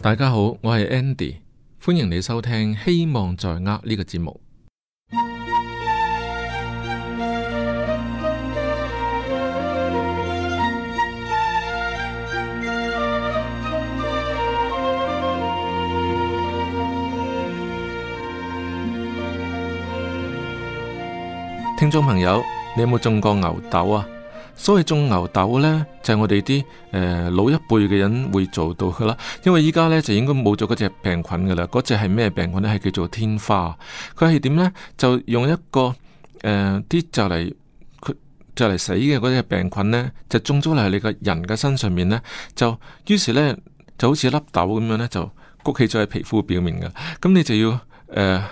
大家好，我係 Andy，歡迎你收聽《希望在握》呢個節目。聽眾朋友，你有冇種過牛豆啊？所以種牛痘呢，就係、是、我哋啲誒老一輩嘅人會做到噶啦，因為依家呢，就應該冇咗嗰隻病菌噶啦。嗰隻係咩病菌呢？係叫做天花。佢係點呢？就用一個誒啲、呃、就嚟佢就嚟死嘅嗰隻病菌呢，就種咗嚟你個人嘅身上面呢。就於是呢，就好似粒豆咁樣呢，就谷起咗喺皮膚表面嘅。咁你就要誒、呃、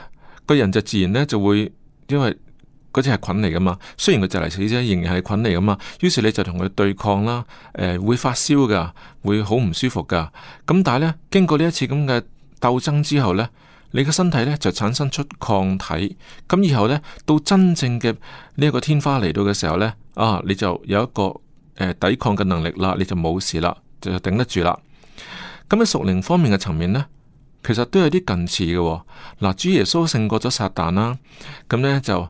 個人就自然呢就會因為。嗰隻係菌嚟噶嘛，雖然佢就嚟死啫，仍然係菌嚟噶嘛。於是你就同佢對抗啦，誒、呃、會發燒噶，會好唔舒服噶。咁但係咧，經過呢一次咁嘅鬥爭之後咧，你嘅身體咧就產生出抗體。咁以後咧，到真正嘅呢一個天花嚟到嘅時候咧，啊你就有一個誒、呃、抵抗嘅能力啦，你就冇事啦，就頂得住啦。咁喺熟齡方面嘅層面咧。其實都有啲近似嘅，嗱，主耶穌勝過咗撒旦啦，啊，咁咧就誒，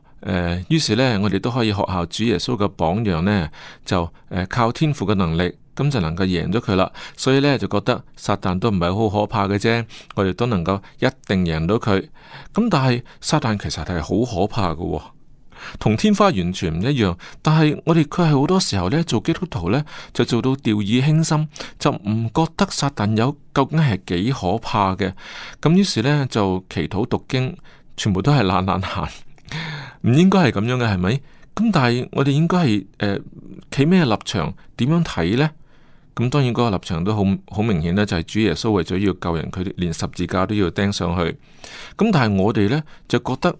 於、呃、是咧我哋都可以學效主耶穌嘅榜樣咧，就誒、呃、靠天父嘅能力，咁就能夠贏咗佢啦。所以咧就覺得撒旦都唔係好可怕嘅啫，我哋都能夠一定贏到佢。咁但係撒旦其實係好可怕嘅，哦。同天花完全唔一樣，但係我哋佢係好多時候呢，做基督徒呢，就做到掉以輕心，就唔覺得撒但友究竟係幾可怕嘅，咁於是呢，就祈禱讀經，全部都係懶懶閒，唔應該係咁樣嘅係咪？咁但係我哋應該係誒、企、呃、咩立場，點樣睇呢？咁當然嗰個立場都好好明顯呢，就係主耶穌為咗要救人，佢連十字架都要釘上去。咁但係我哋呢，就覺得。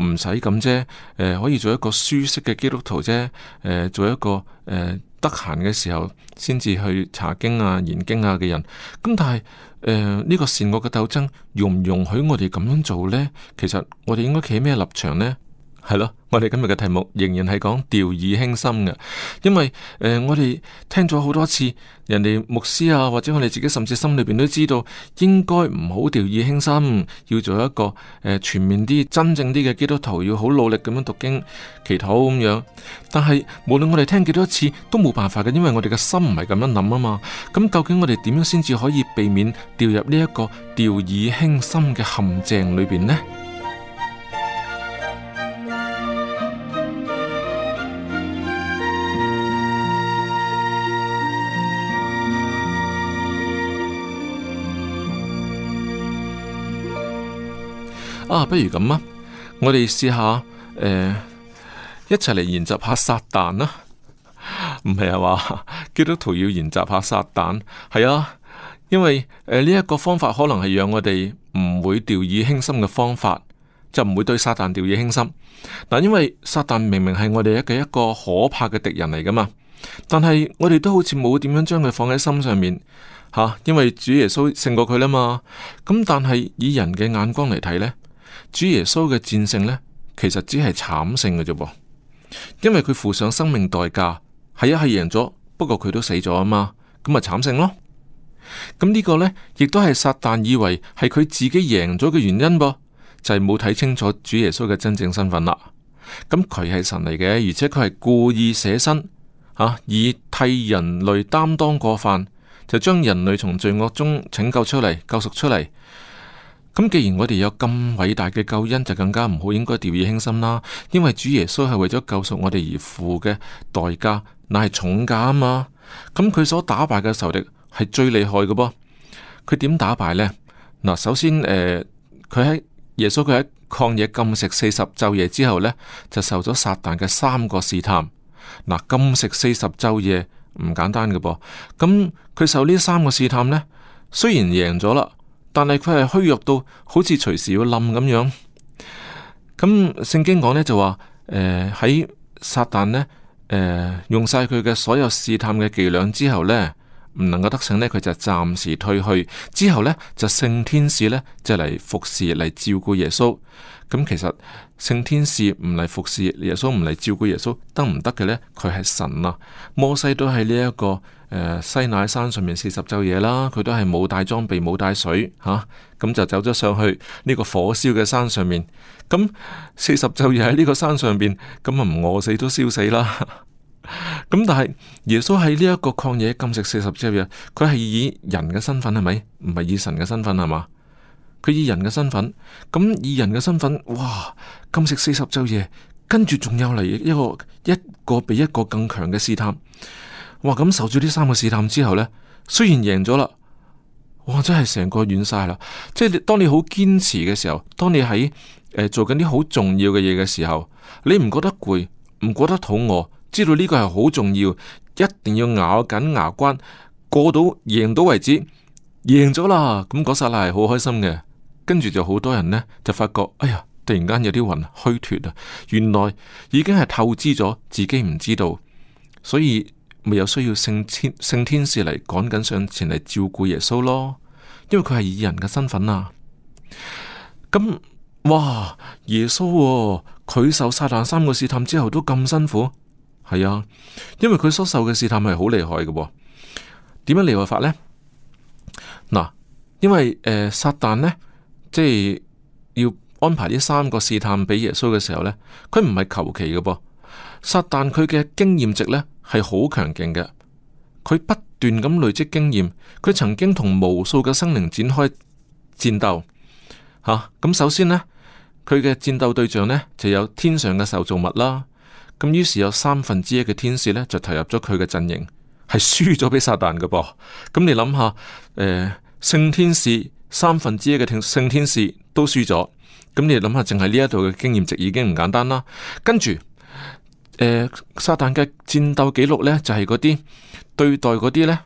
唔使咁啫，誒、呃、可以做一個舒適嘅基督徒啫，誒、呃、做一個誒、呃、得閒嘅時候先至去查經啊、研經啊嘅人。咁但係誒呢個善惡嘅鬥爭容唔容許我哋咁樣做咧？其實我哋應該企咩立場咧？係咯，我哋今日嘅題目仍然係講掉以輕心嘅，因為誒、呃、我哋聽咗好多次，人哋牧師啊或者我哋自己甚至心裏邊都知道應該唔好掉以輕心，要做一個誒、呃、全面啲、真正啲嘅基督徒，要好努力咁樣讀經、祈禱咁樣。但係無論我哋聽幾多次都冇辦法嘅，因為我哋嘅心唔係咁樣諗啊嘛。咁究竟我哋點樣先至可以避免掉入呢一個掉以輕心嘅陷阱裏邊呢？啊，不如咁啊！我哋試下，誒、呃，一齊嚟研習下撒旦啦。唔係啊，話基督徒要研習下撒旦係啊，因為誒呢一個方法可能係讓我哋唔會掉以輕心嘅方法，就唔會對撒旦掉以輕心。嗱，因為撒旦明明係我哋嘅一個可怕嘅敵人嚟噶嘛，但係我哋都好似冇點樣將佢放喺心上面吓、啊，因為主耶穌勝過佢啦嘛。咁但係以人嘅眼光嚟睇呢。主耶穌嘅戰勝呢，其實只係慘勝嘅啫，因為佢付上生命代價，係一係贏咗，不過佢都死咗啊嘛，咁咪慘勝咯。咁、這、呢個呢，亦都係撒旦以為係佢自己贏咗嘅原因噃，就係冇睇清楚主耶穌嘅真正身份啦。咁佢係神嚟嘅，而且佢係故意捨身啊，以替人類擔當過犯，就將人類從罪惡中拯救出嚟，救贖出嚟。咁既然我哋有咁偉大嘅救恩，就更加唔好應該掉以輕心啦。因為主耶穌係為咗救贖我哋而付嘅代價，乃係重價啊嘛。咁佢所打敗嘅仇敵係最厲害嘅噃。佢點打敗呢？嗱，首先誒，佢喺耶穌佢喺曠野禁食四十晝夜之後呢，就受咗撒旦嘅三個試探。嗱，禁食四十晝夜唔簡單嘅噃。咁佢受呢三個試探呢，雖然贏咗啦。但係佢係虛弱到好似隨時要冧咁樣，咁聖經講呢，就話，喺、呃、撒旦呢，呃、用晒佢嘅所有試探嘅伎倆之後呢，唔能夠得勝呢，佢就暫時退去，之後呢，就聖天使呢，就嚟服侍嚟照顧耶穌，咁其實聖天使唔嚟服侍耶穌，唔嚟照顧耶穌得唔得嘅呢？佢係神啊，摩西都係呢一個。西奈山上面四十晝夜啦，佢都係冇帶裝備，冇帶水吓，咁、啊、就走咗上去呢個火燒嘅山上面。咁四十晝夜喺呢個山上邊，咁啊唔餓死都燒死啦。咁 但係耶穌喺呢一個曠野禁食四十晝夜，佢係以人嘅身份係咪？唔係以神嘅身份係嘛？佢以人嘅身份，咁以，以人嘅身，身份，哇！禁食四十晝夜，跟住仲有嚟一個一個比一個更強嘅試探。哇！咁受咗呢三個試探之後呢，雖然贏咗啦，哇！真係成個軟晒啦。即係當你好堅持嘅時候，當你喺、呃、做緊啲好重要嘅嘢嘅時候，你唔覺得攰，唔覺得肚餓，知道呢個係好重要，一定要咬緊牙關過到贏到為止，贏咗啦！咁嗰剎那係好開心嘅，跟住就好多人呢，就發覺，哎呀，突然間有啲暈虛脫啊！原來已經係透支咗，自己唔知道，所以。咪有需要聖天聖天使嚟，趕緊上前嚟照顧耶穌咯，因為佢係以人嘅身份啊。咁哇，耶穌佢、哦、受撒旦三個試探之後都咁辛苦，係啊，因為佢所受嘅試探係好厲害嘅、啊。點樣厲害法呢？嗱，因為誒、呃、撒旦呢，即係要安排呢三個試探俾耶穌嘅時候呢，佢唔係求其嘅噃，撒旦佢嘅經驗值呢。係好強勁嘅，佢不斷咁累積經驗，佢曾經同無數嘅生靈展開戰鬥，吓、啊、咁首先呢，佢嘅戰鬥對象呢就有天上嘅受造物啦，咁、啊、於是有三分之一嘅天使呢就投入咗佢嘅陣營，係輸咗俾撒旦嘅噃，咁、啊、你諗下，誒、呃、聖天使三分之一嘅聖聖天使都輸咗，咁你諗下，淨係呢一度嘅經驗值已經唔簡單啦、啊，跟住。誒、呃、撒但嘅戰鬥記錄呢，就係嗰啲對待嗰啲呢，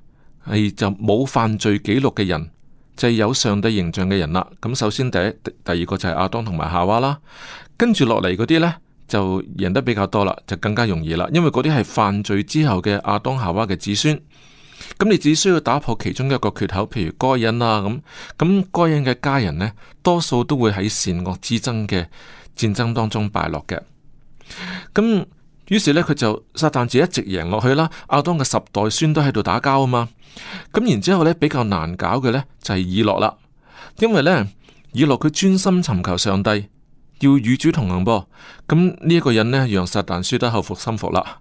係就冇犯罪記錄嘅人，就係、是、有上帝形象嘅人啦。咁首先第一，第二個就係亞當同埋夏娃啦。跟住落嚟嗰啲呢，就贏得比較多啦，就更加容易啦。因為嗰啲係犯罪之後嘅亞當夏娃嘅子孫。咁你只需要打破其中一個缺口，譬如該隱啦咁，咁該隱嘅家人呢，多數都會喺善惡之爭嘅戰爭當中敗落嘅。咁於是呢，佢就撒旦自己一直贏落去啦。亞當嘅十代孫都喺度打交啊嘛，咁然之後呢比較難搞嘅呢，就係、是、以諾啦，因為呢，以諾佢專心尋求上帝，要與主同行噃、啊。咁呢一個人呢，讓撒旦輸得口服心服啦。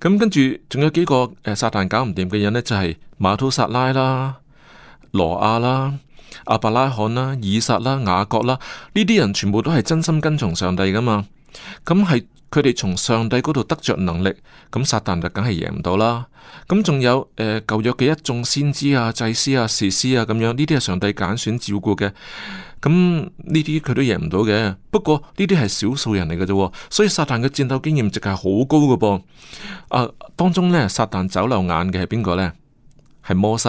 咁跟住仲有幾個撒旦搞唔掂嘅人呢，就係、是、瑪土撒拉啦、羅亞啦、亞伯拉罕啦、以撒啦、雅各啦，呢啲人全部都係真心跟從上帝㗎嘛，咁係。佢哋從上帝嗰度得着能力，咁撒旦就梗係贏唔到啦。咁仲有誒舊約嘅一眾先知啊、祭司啊、士師啊咁樣，呢啲係上帝揀選照顧嘅，咁呢啲佢都贏唔到嘅。不過呢啲係少數人嚟嘅啫，所以撒旦嘅戰鬥經驗值係好高㗎噃。啊，當中呢，撒旦走漏眼嘅係邊個呢？係摩西。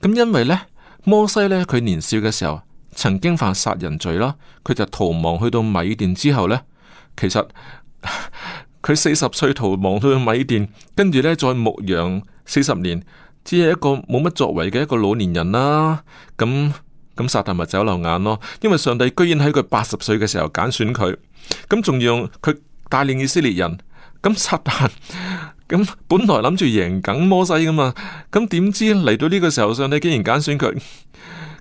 咁因為呢，摩西呢，佢年少嘅時候曾經犯殺人罪啦，佢就逃亡去到米甸之後呢。其實佢四十歲逃亡去米甸，跟住呢，再牧羊四十年，只係一個冇乜作為嘅一個老年人啦。咁咁撒但咪走漏眼咯？因為上帝居然喺佢八十歲嘅時候揀選佢，咁仲用佢帶領以色列人。咁撒但咁本來諗住贏梗摩西噶嘛，咁點知嚟到呢個時候，上帝竟然揀選佢。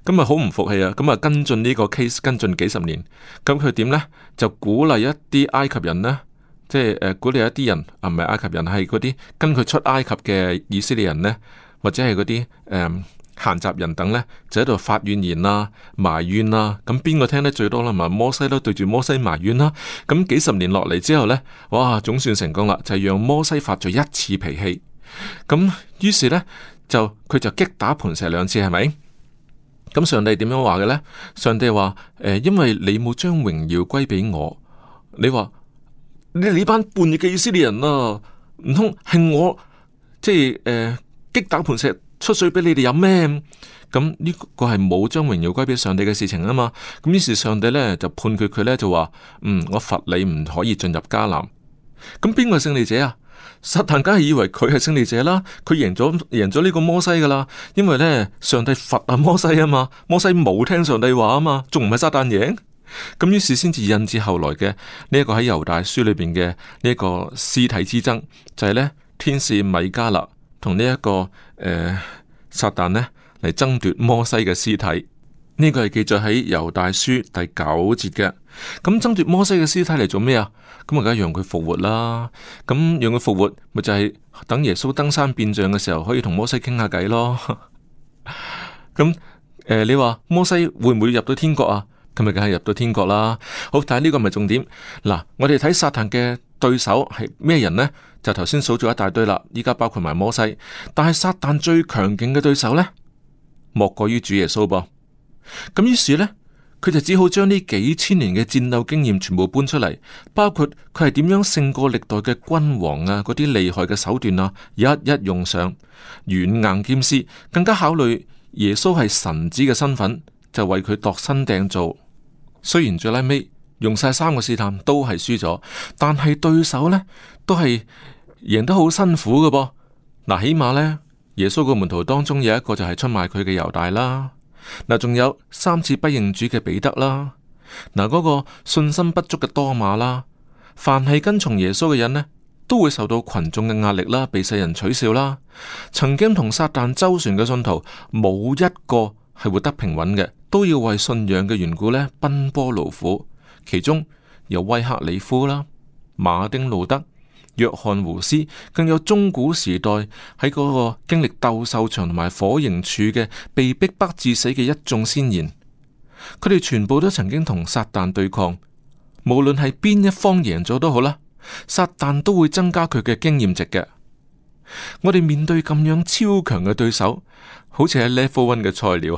咁咪好唔服氣啊！咁啊，跟進呢個 case 跟進幾十年，咁佢點呢？就鼓勵一啲埃及人呢，即係誒、呃、鼓勵一啲人，係、啊、唔係埃及人？係嗰啲跟佢出埃及嘅以色列人呢，或者係嗰啲誒閒雜人等呢，就喺度發怨言啦、啊、埋怨啦、啊。咁邊個聽得最多啦？咪摩西咯，對住摩西埋怨啦、啊。咁幾十年落嚟之後呢，哇！總算成功啦，就係、是、讓摩西發咗一次脾氣。咁於是呢，就佢就擊打磐石兩次，係咪？咁上帝點樣話嘅呢？上帝話：誒、呃，因為你冇將榮耀歸畀我，你話你呢班叛逆嘅以色列人啊，唔通係我即係誒擊打磐石出水畀你哋飲咩？咁呢個係冇將榮耀歸畀上帝嘅事情啊嘛。咁於是上帝呢，就判決佢呢，就話：嗯，我罰你唔可以進入迦南。咁邊個勝利者啊？撒旦梗係以為佢係勝利者啦，佢贏咗贏咗呢個摩西噶啦，因為咧上帝罰啊摩西啊嘛，摩西冇聽上帝話啊嘛，仲唔係撒旦贏？咁於是先至引致後來嘅呢一個喺猶大書裏邊嘅呢一個屍體之爭，就係、是、咧天使米迦勒同呢一個誒、呃、撒旦咧嚟爭奪摩西嘅屍體。呢、這個係記載喺猶大書第九節嘅。咁爭住摩西嘅屍體嚟做咩啊？咁咪梗係讓佢復活啦。咁讓佢復活，咪就係等耶穌登山變像嘅時候，可以同摩西傾下偈咯。咁 誒、呃，你話摩西會唔會入到天國啊？佢咪梗係入到天國啦。好，但係呢個唔係重點。嗱，我哋睇撒旦嘅對手係咩人呢？就頭先數咗一大堆啦。依家包括埋摩西，但係撒旦最強勁嘅對手呢，莫過於主耶穌噃。咁於是呢。佢就只好將呢幾千年嘅戰鬥經驗全部搬出嚟，包括佢係點樣勝過歷代嘅君王啊，嗰啲厲害嘅手段啊，一一用上。軟硬兼施，更加考慮耶穌係神子嘅身份，就為佢度身訂造。雖然最拉尾用晒三個試探都係輸咗，但係對手呢都係贏得好辛苦嘅噃。嗱，起碼呢，耶穌個門徒當中有一個就係出賣佢嘅猶大啦。嗱，仲有三次不認主嘅彼得啦，嗱、那、嗰個信心不足嘅多馬啦，凡係跟從耶穌嘅人呢，都會受到群眾嘅壓力啦，被世人取笑啦。曾經同撒旦周旋嘅信徒，冇一個係活得平穩嘅，都要為信仰嘅緣故呢，奔波勞苦。其中有威克里夫啦，馬丁路德。約翰胡斯，更有中古時代喺嗰個經歷鬥獸場同埋火刑柱嘅被逼迫致死嘅一眾先賢。佢哋全部都曾經同撒旦對抗，無論係邊一方贏咗都好啦，撒旦都會增加佢嘅經驗值嘅。我哋面對咁樣超強嘅對手，好似係 level one 嘅菜鳥，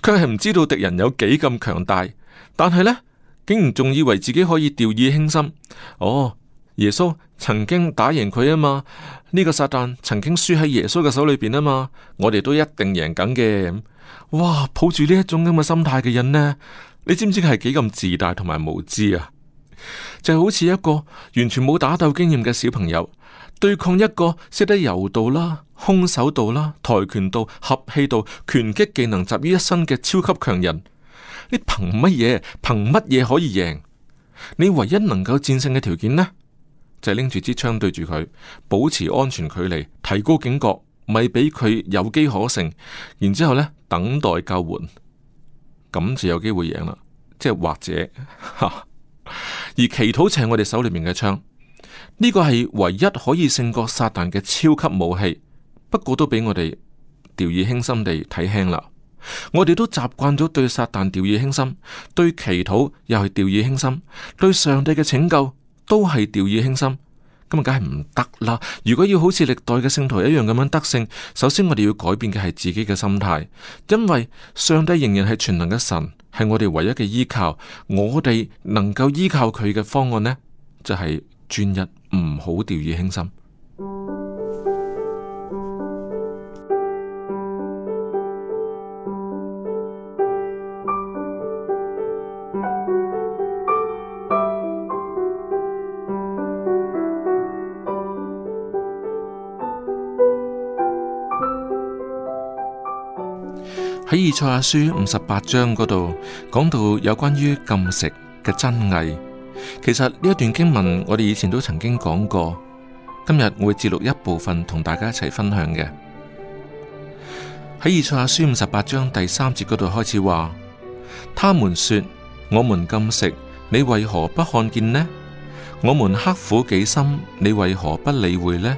佢係唔知道敵人有幾咁強大，但係呢，竟然仲以為自己可以掉以輕心，哦。耶穌曾經打贏佢啊嘛，呢、這個撒旦曾經輸喺耶穌嘅手裏邊啊嘛，我哋都一定贏緊嘅。哇，抱住呢一種咁嘅心態嘅人呢，你知唔知係幾咁自大同埋無知啊？就係，好似一個完全冇打鬥經驗嘅小朋友，對抗一個識得柔道啦、空手道啦、跆拳道、合氣道、拳擊技能集於一身嘅超級強人，你憑乜嘢？憑乜嘢可以贏？你唯一能夠戰勝嘅條件呢？就拎住支槍對住佢，保持安全距離，提高警覺，咪俾佢有機可乘。然之後呢，等待救援，咁就有機會贏啦。即係或者呵呵，而祈禱係我哋手裏面嘅槍，呢個係唯一可以勝過撒旦嘅超級武器。不過都俾我哋掉以輕心地睇輕啦。我哋都習慣咗對撒旦掉以輕心，對祈禱又係掉以輕心，對上帝嘅拯救。都係掉以輕心，咁啊，梗係唔得啦！如果要好似歷代嘅聖徒一樣咁樣得勝，首先我哋要改變嘅係自己嘅心態，因為上帝仍然係全能嘅神，係我哋唯一嘅依靠。我哋能夠依靠佢嘅方案呢，就係、是、專一，唔好掉以輕心。喺以賽亞書五十八章嗰度講到有關於禁食嘅真義，其實呢一段經文我哋以前都曾經講過，今日我會節錄一部分同大家一齊分享嘅。喺以賽亞書五十八章第三節嗰度開始話，他們說：我們禁食，你為何不看見呢？我們刻苦己心，你為何不理會呢？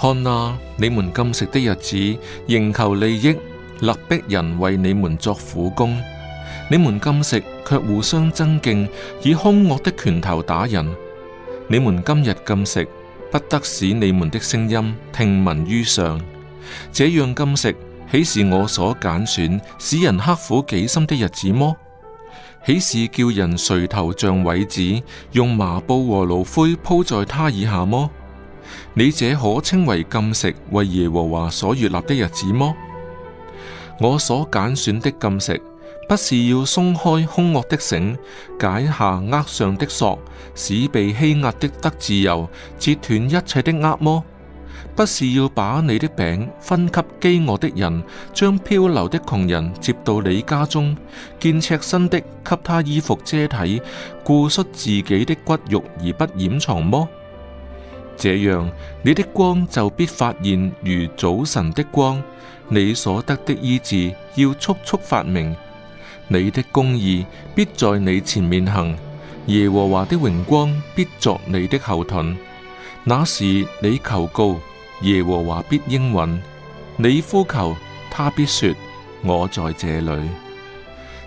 看啊，你們禁食的日子，仍求利益。勒逼人為你們作苦工，你們禁食卻互相爭競，以凶惡的拳頭打人。你們今日禁食，不得使你們的聲音聽聞於上。這樣禁食，豈是我所揀選使人刻苦己心的日子麼？豈是叫人垂頭像位子，用麻布和爐灰鋪在他以下麼？你這可稱為禁食為耶和華所悅納的日子麼？我所揀選的禁食，不是要鬆開凶惡的繩，解下軛上的索，使被欺壓的得自由，截斷一切的軛麼？不是要把你的餅分給飢餓的人，將漂流的窮人接到你家中，見赤身的給他衣服遮體，顧恤自己的骨肉而不掩藏麼？這樣，你的光就必發現如早晨的光。你所得的醫治要速速發明，你的公義必在你前面行，耶和華的榮光必作你的後盾。那時你求告，耶和華必應允；你呼求，他必說：我在這裏。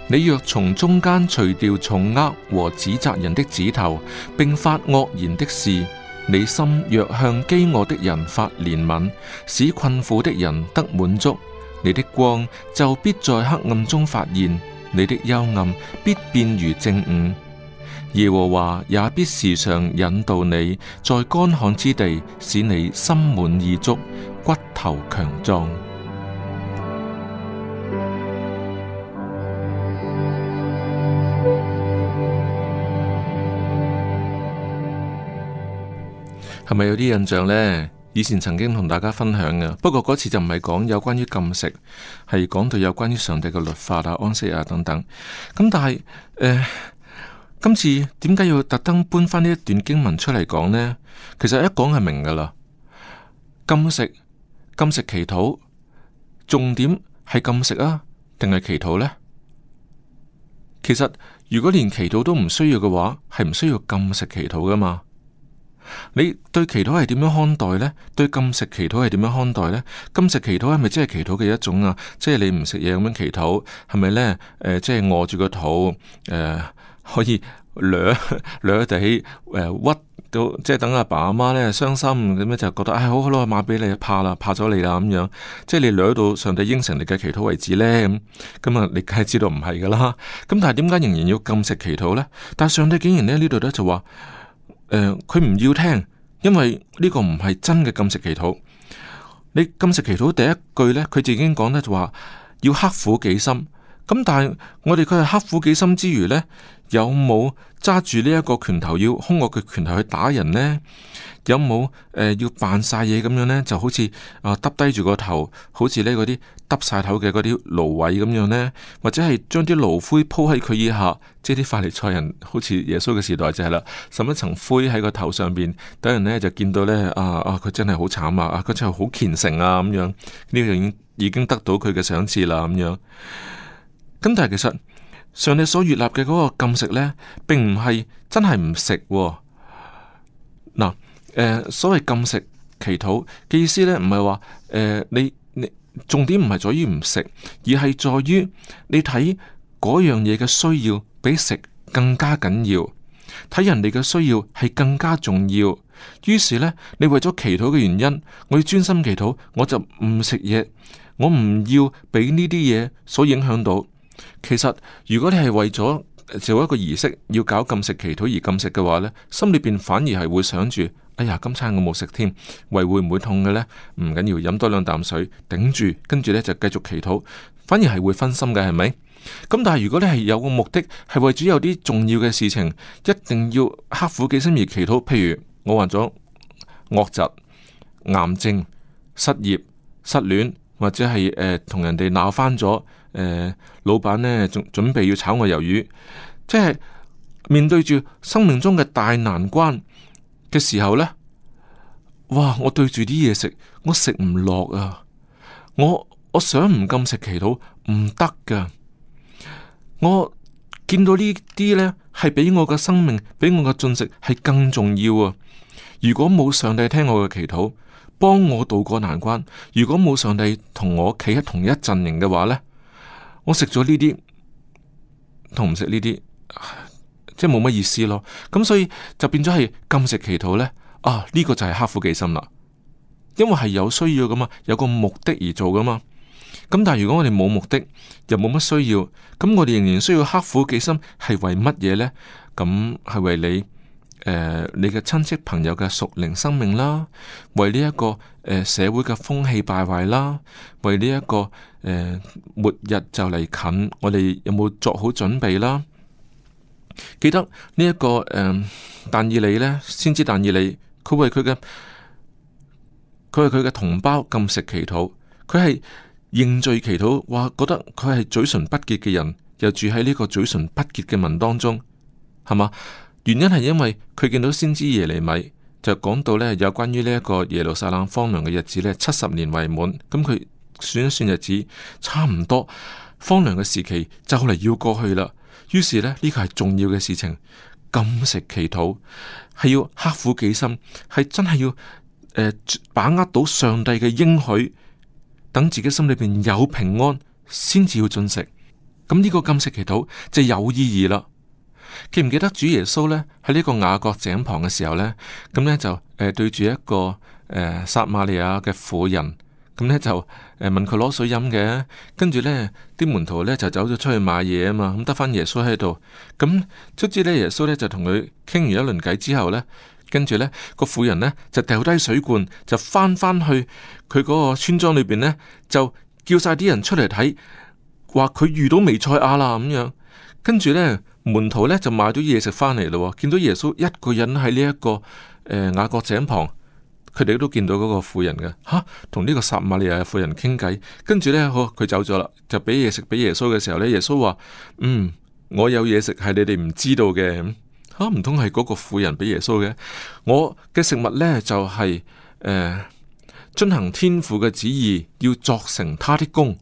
你若從中間除掉重軛和指責人的指頭，並發惡言的事。你心若向飢餓的人發憐憫，使困苦的人得滿足，你的光就必在黑暗中發現，你的幽暗必變如正午。耶和華也必時常引導你，在乾旱之地使你心滿意足，骨頭強壯。係咪有啲印象呢？以前曾經同大家分享嘅，不過嗰次就唔係講有關於禁食，係講到有關於上帝嘅律法啊、安息啊等等。咁但係，誒、呃，今次點解要特登搬翻呢一段經文出嚟講呢？其實一講係明噶啦，禁食、禁食祈禱，重點係禁食啊，定係祈禱呢？其實如果連祈禱都唔需要嘅話，係唔需要禁食祈禱噶嘛？你對祈禱係點樣看待呢？對禁食祈禱係點樣看待呢？禁食祈禱係咪即係祈禱嘅一種啊？即係你唔食嘢咁樣祈禱，係咪呢？誒、呃，即係餓住個肚，誒、呃，可以掠掠地誒屈到，即係等阿爸阿媽呢傷心咁樣就覺得，唉、哎，好咯，買俾你怕啦，怕咗你啦咁樣，即係你掠到上帝應承你嘅祈禱為止呢？咁、嗯。咁啊，你梗係知道唔係噶啦。咁但係點解仍然要禁食祈禱呢？但係上帝竟然咧呢度咧就話。佢唔、呃、要聽，因為呢個唔係真嘅禁食祈禱。你禁食祈禱第一句呢，佢就已經講得就話要刻苦己心。咁但係我哋佢係刻苦己心之餘呢。有冇揸住呢一個拳頭要凶惡嘅拳頭去打人呢？有冇誒、呃、要扮晒嘢咁樣呢？就好似啊耷低住個頭，好似呢嗰啲耷晒頭嘅嗰啲蘆葦咁樣呢？或者係將啲爐灰鋪喺佢以下，即係啲法利賽人，好似耶穌嘅時代就係啦，滲一層灰喺個頭上邊，等人呢就見到呢，啊啊，佢真係好慘啊，啊佢真係、啊啊啊、好虔誠啊咁樣，呢個已經已經得到佢嘅賞賜啦咁樣。咁但係其實。上帝所閱立嘅嗰個禁食呢，並唔係真係唔、呃、食。嗱，誒，所謂禁食祈禱嘅意思呢，唔係話，誒、呃，你你重點唔係在於唔食，而係在於你睇嗰樣嘢嘅需要比食更加緊要，睇人哋嘅需要係更加重要。於是，是呢，你為咗祈禱嘅原因，我要專心祈禱，我就唔食嘢，我唔要俾呢啲嘢所影響到。其實如果你係為咗做一個儀式，要搞禁食祈禱而禁食嘅話呢，心裏邊反而係會想住，哎呀，今餐我冇食添，胃會唔會痛嘅呢？唔緊要，飲多兩啖水頂住，跟住呢就繼續祈禱，反而係會分心嘅，係咪？咁但係如果你係有個目的，係為咗有啲重要嘅事情，一定要刻苦己身而祈禱，譬如我患咗惡疾、癌症，症，症、失業、失戀，或者係誒同人哋鬧翻咗。誒，老闆呢，仲準，準備要炒我魷魚，即係面對住生命中嘅大難關嘅時候呢。哇！我對住啲嘢食，我食唔落啊！我我想唔禁食祈禱唔得㗎。我見到呢啲呢，係比我嘅生命，比我嘅進食係更重要啊。如果冇上帝聽我嘅祈禱，幫我渡過難關；如果冇上帝同我企喺同一陣營嘅話呢。我食咗呢啲同唔食呢啲，即係冇乜意思咯。咁所以就變咗係禁食祈禱呢。啊，呢、這個就係刻苦己心啦。因為係有需要噶嘛，有個目的而做噶嘛。咁但係如果我哋冇目的，又冇乜需要，咁我哋仍然需要刻苦己心，係為乜嘢呢？咁係為你誒、呃，你嘅親戚朋友嘅屬靈生命啦，為呢、這、一個、呃、社會嘅風氣敗壞啦，為呢、這、一個。呃、末日就嚟近，我哋有冇做好準備啦？記得、這個呃、呢一個誒，但以理咧，先知但以理，佢為佢嘅，佢為佢嘅同胞禁食祈禱，佢係認罪祈禱，話覺得佢係嘴唇不潔嘅人，又住喺呢個嘴唇不潔嘅民當中，係嘛？原因係因為佢見到先知耶利米就講到呢有關於呢一個耶路撒冷荒涼嘅日子呢七十年為滿，咁、嗯、佢算一算日子，差唔多荒涼嘅時期就嚟要過去啦。於是呢，呢個係重要嘅事情，禁食祈禱係要刻苦己心，係真係要、呃、把握到上帝嘅應許，等自己心裏邊有平安，先至要進食。咁呢個禁食祈禱就有意義啦。記唔記得主耶穌呢？喺呢個雅各井旁嘅時候呢，咁呢就誒、呃、對住一個誒、呃、撒瑪利亞嘅婦人。咁咧就誒問佢攞水飲嘅，跟住咧啲門徒咧就走咗出去買嘢啊嘛，咁得翻耶穌喺度，咁卒之咧耶穌咧就同佢傾完一輪偈之後咧，跟住咧個婦人咧就掉低水罐就翻翻去佢嗰個村莊裏邊咧，就叫晒啲人出嚟睇，話佢遇到微賽亞啦咁樣，跟住咧門徒咧就買咗嘢食翻嚟咯，見到耶穌一個人喺呢一個誒雅各井旁。佢哋都見到嗰個婦人嘅吓，同呢個撒瑪利亞嘅婦人傾偈，跟住咧，佢走咗啦，就俾嘢食俾耶穌嘅時候咧，耶穌話：嗯，我有嘢食係你哋唔知道嘅。吓唔通係嗰個婦人俾耶穌嘅？我嘅食物咧就係、是、誒，遵、呃、行天父嘅旨意，要作成他的工。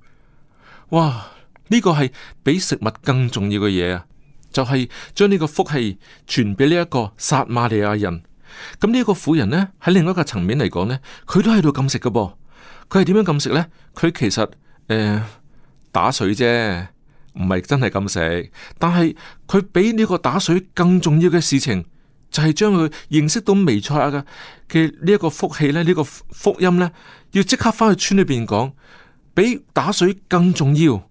哇！呢、這個係比食物更重要嘅嘢啊，就係將呢個福氣傳俾呢一個撒瑪利亞人。咁呢個婦人咧，喺另外一個層面嚟講咧，佢都喺度禁食噶噃，佢係點樣禁食咧？佢其實誒打水啫，唔係真係禁食。但係佢比呢個打水更重要嘅事情，就係將佢認識到彌賽亞嘅呢一個福氣咧，呢個福音咧，要即刻返去村裏邊講，比打水更重要。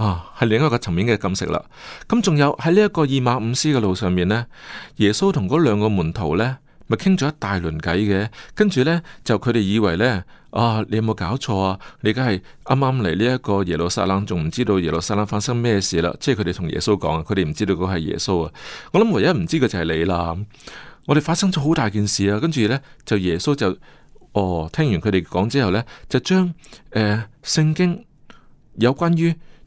啊，係另一個層面嘅見識啦。咁、啊、仲有喺呢一個二馬五師嘅路上面呢，耶穌同嗰兩個門徒呢咪傾咗一大輪偈嘅。跟住呢，就佢哋以為呢：「啊，你有冇搞錯啊？你而家係啱啱嚟呢一個耶路撒冷，仲唔知道耶路撒冷發生咩事啦？即係佢哋同耶穌講啊，佢哋唔知道佢係耶穌啊。我諗唯一唔知嘅就係你啦。我哋發生咗好大件事啊。跟住呢，就耶穌就哦，聽完佢哋講之後呢，就將誒聖經有關於。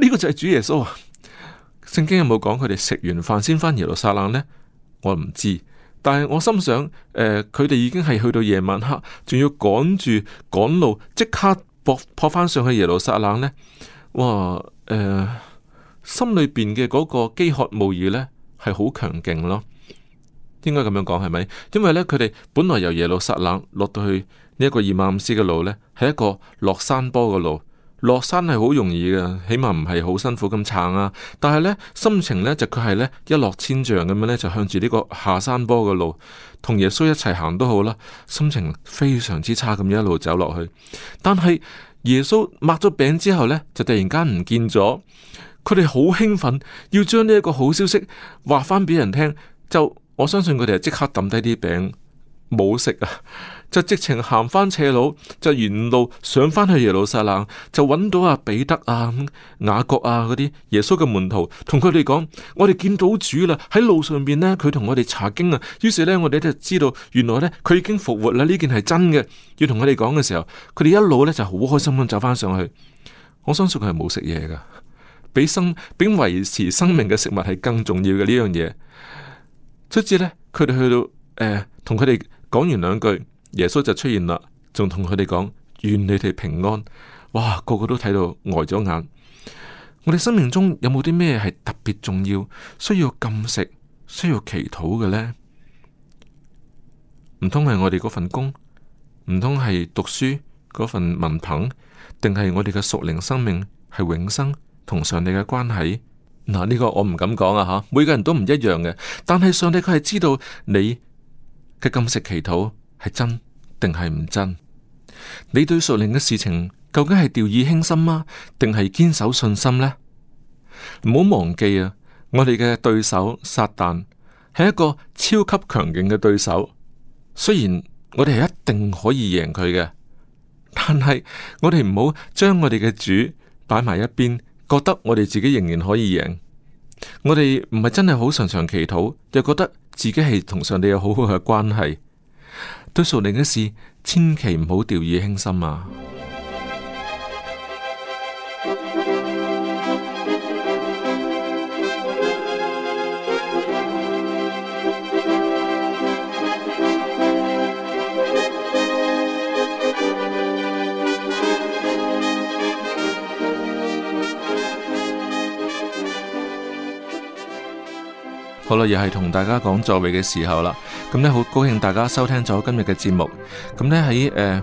呢個就係主耶穌啊！聖經有冇講佢哋食完飯先返耶路撒冷呢？我唔知，但係我心想，呃、佢哋已經係去到夜晚黑，仲要趕住趕路，即刻搏返上去耶路撒冷呢？哇，呃、心裏邊嘅嗰個飢渴慕義呢，係好強勁咯，應該咁樣講係咪？因為呢，佢哋本來由耶路撒冷落到去呢一個二萬五斯嘅路呢，係一個落山坡嘅路。落山係好容易嘅，起碼唔係好辛苦咁撐啊！但係呢，心情呢，就佢係呢一落千丈咁樣呢，就向住呢個下山坡嘅路，同耶穌一齊行都好啦。心情非常之差咁一路走落去。但係耶穌擘咗餅之後呢，就突然間唔見咗。佢哋好興奮，要將呢一個好消息話翻俾人聽。就我相信佢哋係即刻抌低啲餅冇食啊！就直情行返斜路，就沿路上返去耶路撒冷，就搵到阿彼得啊、雅各啊嗰啲耶穌嘅門徒，同佢哋講：我哋見到主啦，喺路上邊呢，佢同我哋查經啊。於是呢，我哋就知道原來呢，佢已經復活啦，呢件係真嘅。要同佢哋講嘅時候，佢哋一路呢就好開心咁走返上去。我相信佢係冇食嘢噶，比生比維持生命嘅食物係更重要嘅呢樣嘢。卒之呢，佢哋去到誒，同佢哋講完兩句。耶穌就出現啦，仲同佢哋講，願你哋平安。哇，個個都睇到呆咗眼。我哋生命中有冇啲咩係特別重要，需要禁食、需要祈禱嘅呢？唔通係我哋嗰份工，唔通係讀書嗰份文憑，定係我哋嘅屬靈生命，係永生同上帝嘅關係？嗱，呢個我唔敢講啊，吓，每個人都唔一樣嘅。但係上帝佢係知道你嘅禁食祈禱。係真定係唔真？你對屬靈嘅事情究竟係掉以輕心嗎？定係堅守信心呢？唔好忘記啊！我哋嘅對手撒旦係一個超級強勁嘅對手。雖然我哋係一定可以贏佢嘅，但係我哋唔好將我哋嘅主擺埋一邊，覺得我哋自己仍然可以贏。我哋唔係真係好常常祈禱，又覺得自己係同上帝有好好嘅關係。歲數零嘅事，千祈唔好掉以輕心啊！ 好啦，又係同大家講座位嘅時候啦。咁呢，好高興大家收聽咗今日嘅節目。咁呢喺誒，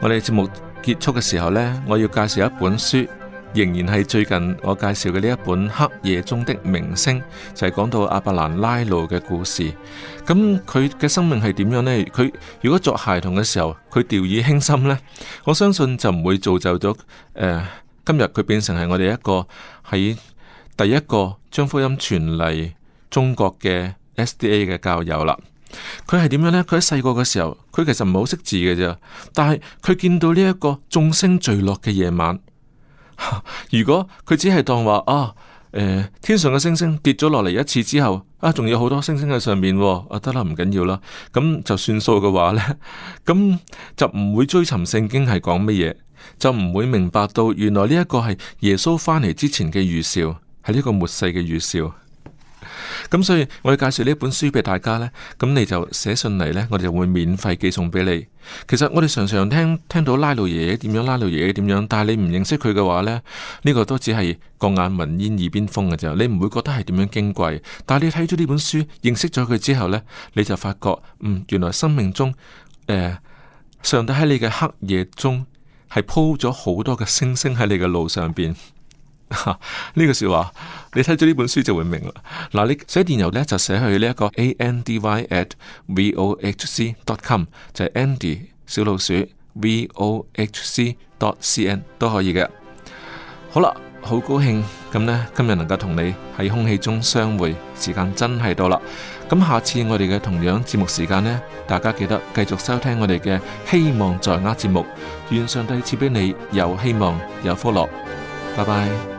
我哋節目結束嘅時候呢，我要介紹一本書，仍然係最近我介紹嘅呢一本《黑夜中的明星》，就係講到阿伯蘭拉路嘅故事。咁佢嘅生命係點樣呢？佢如果作孩童嘅時候，佢掉以輕心呢，我相信就唔會造就咗誒，今日佢變成係我哋一個喺第一個將福音傳嚟。中國嘅 S D A 嘅教友啦，佢係點樣呢？佢喺細個嘅時候，佢其實唔係好識字嘅啫。但係佢見到呢一個眾星墜落嘅夜晚，如果佢只係當話啊、呃，天上嘅星星跌咗落嚟一次之後，啊仲有好多星星喺上面，啊得啦唔緊要啦，咁就算數嘅話呢，咁就唔會追尋聖經係講乜嘢，就唔會明白到原來呢一個係耶穌返嚟之前嘅預兆，係呢個末世嘅預兆。咁所以我哋介紹呢本書俾大家呢。咁你就寫信嚟呢，我哋就會免費寄送俾你。其實我哋常常聽聽到拉路爺爺點樣，拉路爺爺點樣，但係你唔認識佢嘅話呢，呢、呢個都只係過眼雲煙耳邊風嘅啫，你唔會覺得係點樣矜貴。但係你睇咗呢本書，認識咗佢之後呢，你就發覺，嗯、原來生命中，呃、上帝喺你嘅黑夜中係鋪咗好多嘅星星喺你嘅路上邊。呢、啊，這個說話，你睇咗呢本書就會明啦。嗱、啊，你寫電郵呢，就寫去呢一個 a n d y at v o h c dot com，就係 Andy 小老鼠 v o h c dot c n 都可以嘅。好啦，好高興咁呢，今日能夠同你喺空氣中相會，時間真係到啦。咁下次我哋嘅同樣節目時間呢，大家記得繼續收聽我哋嘅希望在握節目。願上帝賜俾你有希望有歡樂。拜拜。